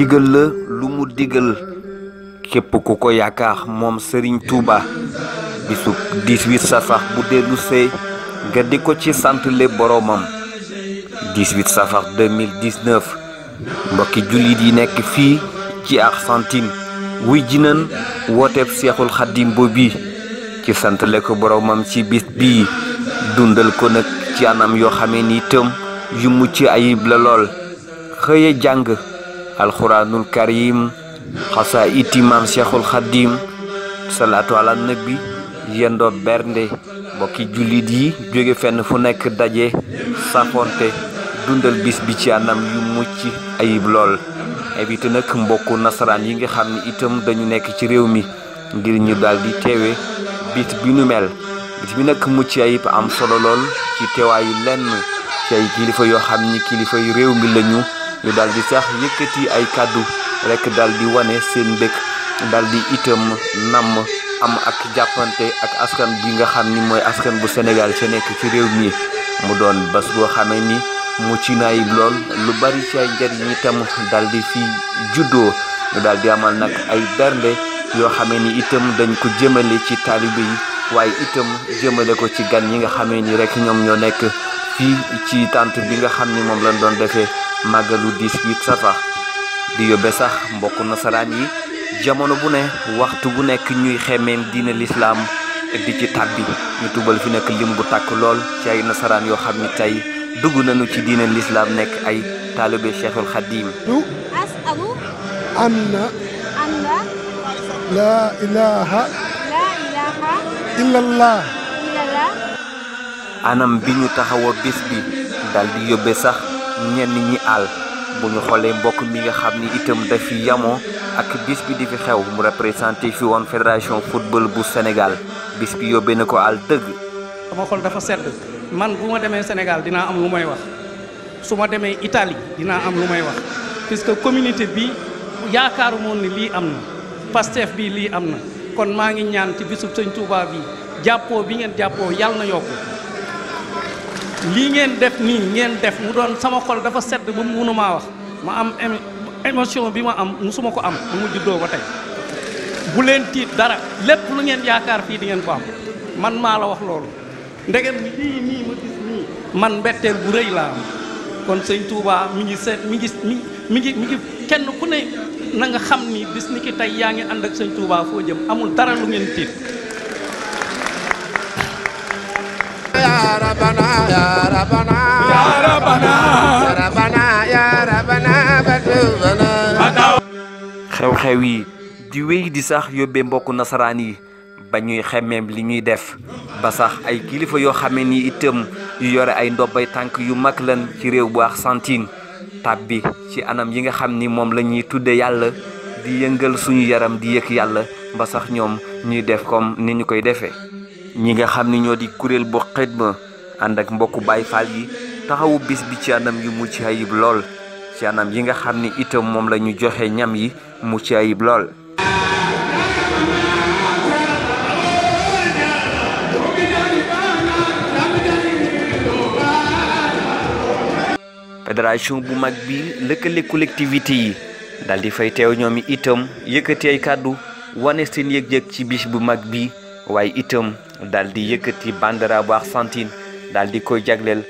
digal la lu mu digal képp ku ko yaakaar moom sëriñ Touba bisu 18 safar bu dellu see nga di ko ci santle boromam 18 safar 2019 mbokki jullit yi nekk fii ci Argentine wuy jinan wooteeb Seexul Xaddim bo bi ci santle ko boromam ci bis bii dundal ko nag ci anam yoo xamee ni itam yu mucc ayib la lool xëye jàng alxuraanul karim xasaa iti maam cheikhul xadim salaatu ala nabi yendoo bernde mbokki jullit yi jóge fenn fu nekk daje safonte dundal bis bi ci anam yu mucc ayib lool invité nag mbokku nasaraan yi nga xam ni itam dañu nekk ci réew mi ngir ñu daal di teewe bit bi nu mel bis bi nag mucc ayib am solo lool ci teewaayu lenn ci kilifa yoo xam ni kilifa yu réew mi lañu ñu daal di sax yëkkati ay kàddu rekk daal di wane seen mbëgg daldi itam namm am ak jàppante ak askan bi nga xam ni mooy askan bu senegal ca nekk ci réew mi mu doon bés yoo xamee ni mu ci naay lool lu bari ci ay njariñ itam daal di fi juddoo ñu daal di amal nag ay bernde yoo xamee ni itam dañ ko jëmale ci taalibe yi waaye itam jëmale ko ci gan ñi nga xamee nii rek ñoom ñoo nekk fii ci tànt bi nga xam ni moom lañ doon defee màggalu 18 safar di yóbbe sax mbokk nasaraan yi jamono bu ne waxtu bu nekk ñuy xemmeem diine lislaam di ci tàbbi ñu tubal fi nekk lim bu tàkk lool ci ay nasaraan yoo xam ni tey dugg nañu ci diine lislaam nekk ay taalibe Cheikhul Xadim anam bi ñu taxawa bis bi dal di yóbbe sax ñenn ñi àll bu ñu xoolee mbokk mi nga xam ni itam dafi yamoo ak bis bi di fi xew mu représenté fi woon fédération football bu Sénégal bis bi yóbbee na ko àll dëgg. sama xol dafa sedd man bu ma demee Sénégal dinaa am lu may wax su ma demee itali dinaa am lu may wax puisque communauté bi yaakaaru moon ni lii am na Pastef bii lii am na kon maa ngi ñaan ci bisub sëñ Touba bi jàppoo bi ngeen jàppoo yàlla na yokku. lii ngeen def nii ngeen def mu doon sama xol dafa sedd ba mu maa wax ma am émotion bi ma am musuma ko am ba mu juddoo ba tey bu leen tiit dara lépp lu ngeen yaakaar fii di ngeen ko am man maa la wax loolu ndegem lii nii ma gis nii man mbetteel bu rëy laa am kon sëñ Touba mi ngi seet mi ngi mi ngi mi ngi kenn ku ne na nga xam ni bis ni ki tey yaa ngi ànd ak sañ Touba foo jëm amul dara lu ngeen tiit xew yi di wéy di sax yóbbe mbokku nasaraan yi ba ñuy xemmeem li ñuy def ba sax ay kilifa yoo xamee ni itam yu yore ay ndobbay tànk yu mag lan ci réew bu Argentine bi ci anam yi nga xam ni moom la ñuy tudde yàlla di yëngal suñu yaram di yëg yàlla ba sax ñoom ñuy def comme ni ñu koy defee ñi nga xam ni ñoo di kuréel bu xidma ànd ak mbokku Baay Faal yi taxawu bis bi ci anam yu mucc ayib lool ci anam yi nga xam ni itam moom la ñu joxe ñam yi mucc ayib bu mag bi lëkkale collectivité yi daldi di fay teew ñoom itam yëkkati ay kàddu wane seen yëg-yëg ci bis bu mag bi waaye itam daldi yëkkati bandera bu Argentine dal koy jagleel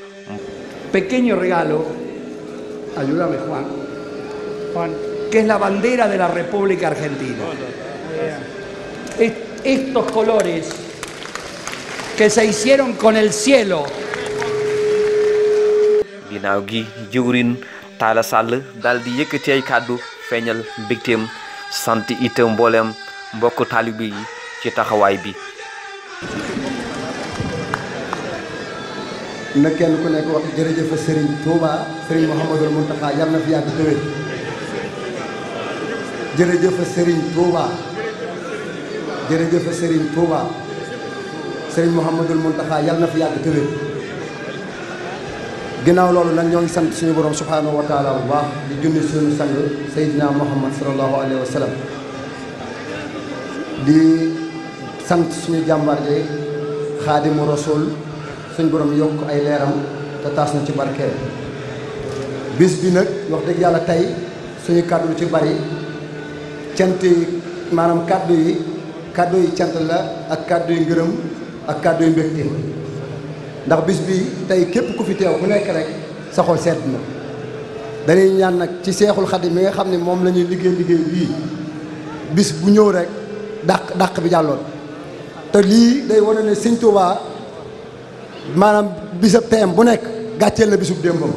que es la bandera de la República Argentina. Estos colores que se hicieron con el cielo. ginnaaw gi jëwriñ Talla Sall daal di yëkkati kàddu feeñal mbégteem sant itam mbooleem mbokk taalibe yi ci taxawaay bi. na kenn ku jërëjëf Serigne Touba jërëjëf Serigne Touba sëriñ Mouhamadul Mountakha yàlla na fi yàgg tëwér ginnaaw loolu nag ñoo ngi sant suñu borom subhaanahu wa taala di junni suñu sang Seydina Muhammad sallallahu alayhi wa sallam di sant suñu jàmbaar ji xaadimu rasul suñu borom yokk ay leeram te taas na ci barkeel bis bi nag wax dëgg yàlla tey suñu kàddu ci bari cant yi maanaam kàddu yi kàddu yi cant la ak kàddu yi ngërëm ak kàddu yi mbégte ndax bis bi tey képp ku fi teew ku nekk rek sa xol sedd na dañuy ñaan nag ci seexul yi mi nga xam ne moom la ñuy liggéey liggéey bii bis bu ñëw rek dàq dàq bi jàlloon te lii day wane ne sëñ Tuubaa maanaam bisa teem bu nekk gàccee la bisub démbam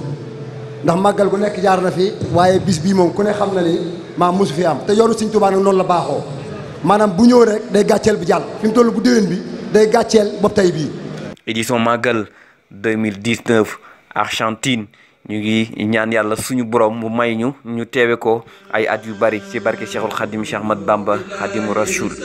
ndax màggal gu nekk jaar na fi waaye bis bii moom ku ne xam na ni maa mosu fi am te yoonu Sëñ Tuubaa nag noonu la baaxoo maanaam bu ñëw rek day gàcceel bi jàll fi mu toll bu déwén bi day gàcceel bopp tey bii. édition màggal 2019 Argentine ñu ngi ñaan yàlla suñu borom mu may ñu ñu teewee ko ay at yu bari ci barke Cheikhul Khadim Cheikh Ahmad Bamba Khadimu Rasoul